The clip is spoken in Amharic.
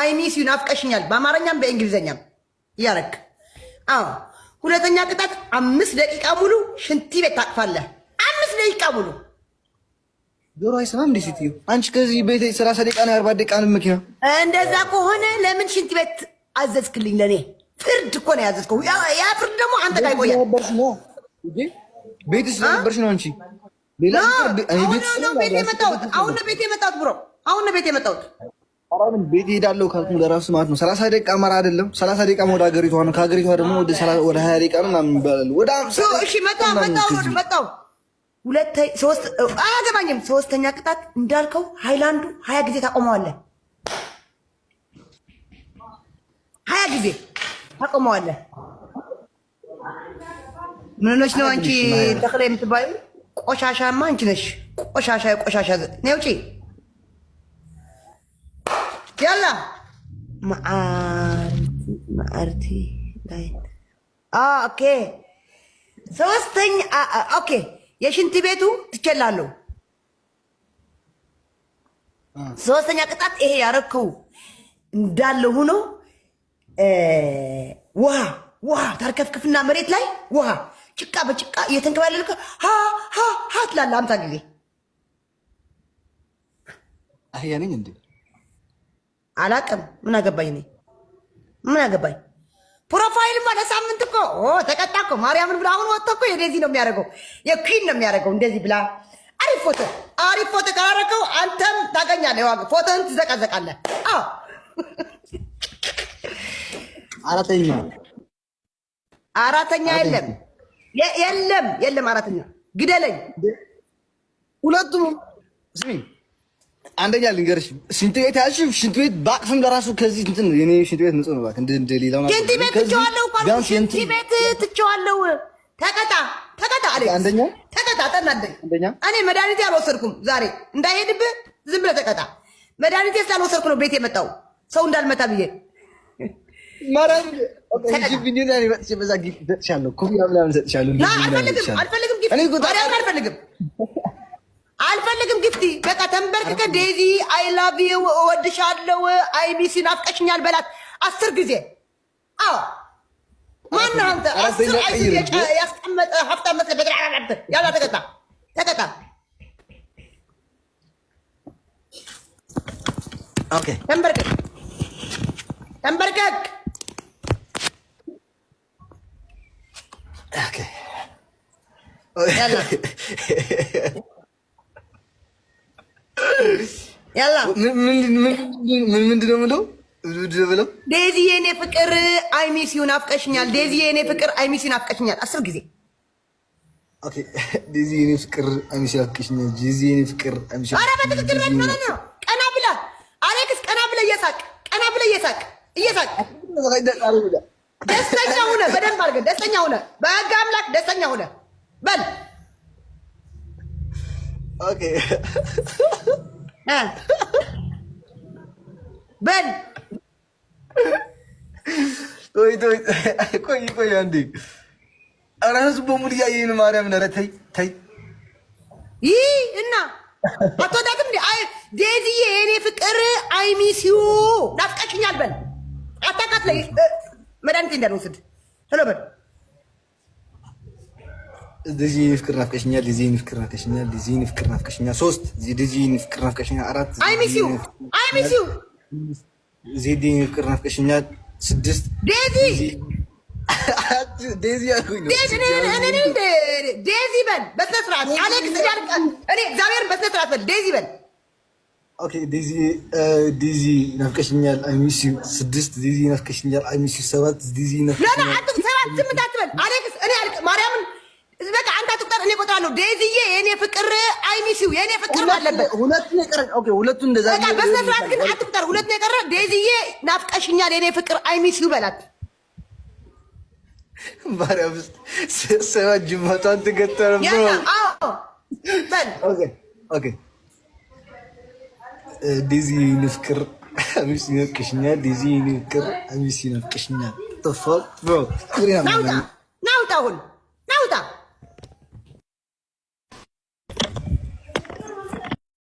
አይ ሚስ ዩ ናፍቀሽኛል፣ በአማርኛም በእንግሊዝኛም እያረክ አዎ። ሁለተኛ ቅጣት አምስት ደቂቃ ሙሉ ሽንቲ ቤት ታቅፋለህ። አምስት ደቂቃ ሙሉ ጆሮ አይሰማም እንዴ? ሴትዮ አንቺ ከዚህ ቤት ሰላሳ ደቂቃ ነው አርባ ደቂቃ ነው መኪና። እንደዛ ከሆነ ለምን ሽንት ቤት አዘዝክልኝ? ለእኔ ፍርድ እኮ ነው ያዘዝከው። ያ ፍርድ ደግሞ አንተ ጋር ይቆያል። ቤት ስለነበርሽ ነው አንቺ። አሁን ነው ቤት የመጣሁት። አሁን ቤት የመጣሁት ብሮ፣ አሁን ነው ቤት የመጣሁት። ቤት ሄዳለሁ ካልኩ ለራሱ ማለት ነው። ሰላሳ ደቂቃ አማራ አይደለም፣ ሰላሳ ደቂቃ ወደ ሀገሪቷ ነው። ከሀገሪቷ ደግሞ ወደ ወደ ሀያ ደቂቃ ነው ምናምን ይባላል። ወደ አያገባኝም። ሶስተኛ ቅጣት እንዳልከው ሃይላንዱ ሀያ ጊዜ ታቆመዋለህ፣ ሀያ ጊዜ ታቆመዋለህ። ምንነች ነው አንቺ ተክላ የምትባዩ ቆሻሻማ አንቺ ነሽ። ቆሻሻ ቆሻሻ ነውጪ ያላ ማአርቲ ላይ ኦኬ፣ ሶስተኛ ኦኬ። የሽንት ቤቱ ትችላለሁ። ሶስተኛ ቅጣት ይሄ ያረከው እንዳለ ሆኖ ውሃ ውሃ ታርከፍክፍና መሬት ላይ ውሃ ጭቃ በጭቃ እየተንከባለልከ ሀ ትላለህ። አምሳ ጊዜ አህያ ነኝ እንዴ? አላቅም። ምን አገባኝ እኔ ምን አገባኝ? ፕሮፋይልማ ለሳምንት እኮ ተቀጣ እኮ ማርያምን ብላ አሁን ወጥቶ እኮ የዴዚ ነው የሚያደርገው የኩን ነው የሚያደርገው እንደዚህ ብላ አሪፍ ፎቶ አሪፍ ፎቶ ካላረከው አንተም ታገኛለህ ዋጋ ፎቶን ትዘቀዘቃለህ። አዎ አራተኛ አራተኛ የለም የለም የለም አራተኛ ግደለኝ ሁለቱም ስሚ አንደኛ ልንገርሽ፣ ሽንት ቤት ያልሽ ሽንት ቤት በአቅፍም ለራሱ ከዚህ እንትን የኔ ሽንት ቤት ንጹህ ነው። እንደ እንደ ሌላው ነገር ሽንት ቤት ትቼዋለሁ እኮ ሽንት ቤት ትቼዋለሁ። ተቀጣ ተቀጣ አለ አንደኛ ተቀጣ ጠናደኝ። አንደኛ እኔ መድኃኒቴ አልወሰድኩም ዛሬ እንዳይሄድብህ ዝም ብለህ ተቀጣ። መድኃኒቴ ስላልወሰድኩ ነው ቤት የመጣው ሰው እንዳልመታ ብዬ ማራም አልፈልግም አልፈልግም አልፈልግም ግፍቲ በቃ ተንበርክከ ዴዚ አይ ላቭ ዩ እወድሻለሁ፣ አይ ሚስ ናፍቀሽኛል በላት አስር ጊዜ። አዎ ማነው አንተ አስር ያስቀመጠ ሀፍታ መስለ በግራ ያላ ተቀጣ ተቀጣ። ኦኬ ተንበርክክ ተንበርክክ። ኦኬ ያላ ምንድነው ምለው ብለው ዴዚ የኔ ፍቅር አይሚሲውን አፍቀሽኛል። ዴዚ የኔ ፍቅር አይሚሲውን አፍቀሽኛል አስር ጊዜ ዴዚ የኔ ፍቅር አይሚሲውን አፍቀሽኛል። ዴዚ የኔ ፍቅር አይሚሲውን ኧረ በትክክል በል ማለት ነው። ቀና ብላ አሌክስ፣ ቀና ብላ እየሳቅ ቀና ብላ እየሳቅ እየሳቅ ደስተኛ ሆነ። በደንብ አድርገህ ደስተኛ ሆነ። በህግ አምላክ ደስተኛ ሆነ በል ኦኬ በል ቆይ ቆይ አንዴ። ኧረ ህዝቡ በሙሉ እያየኝ ማርያምን ኧረ ተይ ተይ። ይህ እና አትወዳትም ዴዚዬ፣ የእኔ ፍቅር አይሚሲዩ ናፍቀሽኛል። በል አታካት ላይ መድኃኒት እንዳልወስድ ሄሎ በል ዲዚን ፍቅር ናፍቀሽኛል፣ ዲዚን ፍቅር ናፍቀሽኛል፣ ዲዚን ፍቅር ናፍቀሽኛል፣ ሶስት ዲዚን ፍቅር ናፍቀሽኛል፣ አራት አይ ሚስ ዩ አይ ሚስ ዩ ዲዚን ፍቅር ናፍቀሽኛል፣ ስድስት ዴዚ ዴዚ ዴዚ በል በስነ አሌክስ ዳርቅ እኔ እግዚአብሔር በስነ በል ዴዚ በል ኦኬ ዴዚ ዴዚ ናፍቀሽኛል፣ አይ ሚስ ዩ ስድስት ዴዚ ናፍቀሽኛል፣ አይ ሚስ ዩ ሰባት ዴዚ ናፍቀሽኛል ለና አጥም ሰባት ስምንት አውቃለሁ። ዴዚዬ የኔ ፍቅር አይሚሲው የኔ ፍቅር አለበት። ሁለቱን የቀረ ኦኬ፣ ሁለቱን እንደዛ በቃ በስነስርዓት ግን አትቁጠር። ሁለቱን የቀረ ዴዚዬ ናፍቀሽኛል፣ የኔ ፍቅር አይሚሲው በላት። ባረብ ሰባ ጅማቷን ትገጠር ነው። ኦኬ ኦኬ፣ ዴዚ የኔ ፍቅር አሚሲ ናፍቀሽኛል፣ ዴዚ የኔ ፍቅር አሚሲ ብሮ ናውጣ ናውጣ ሁን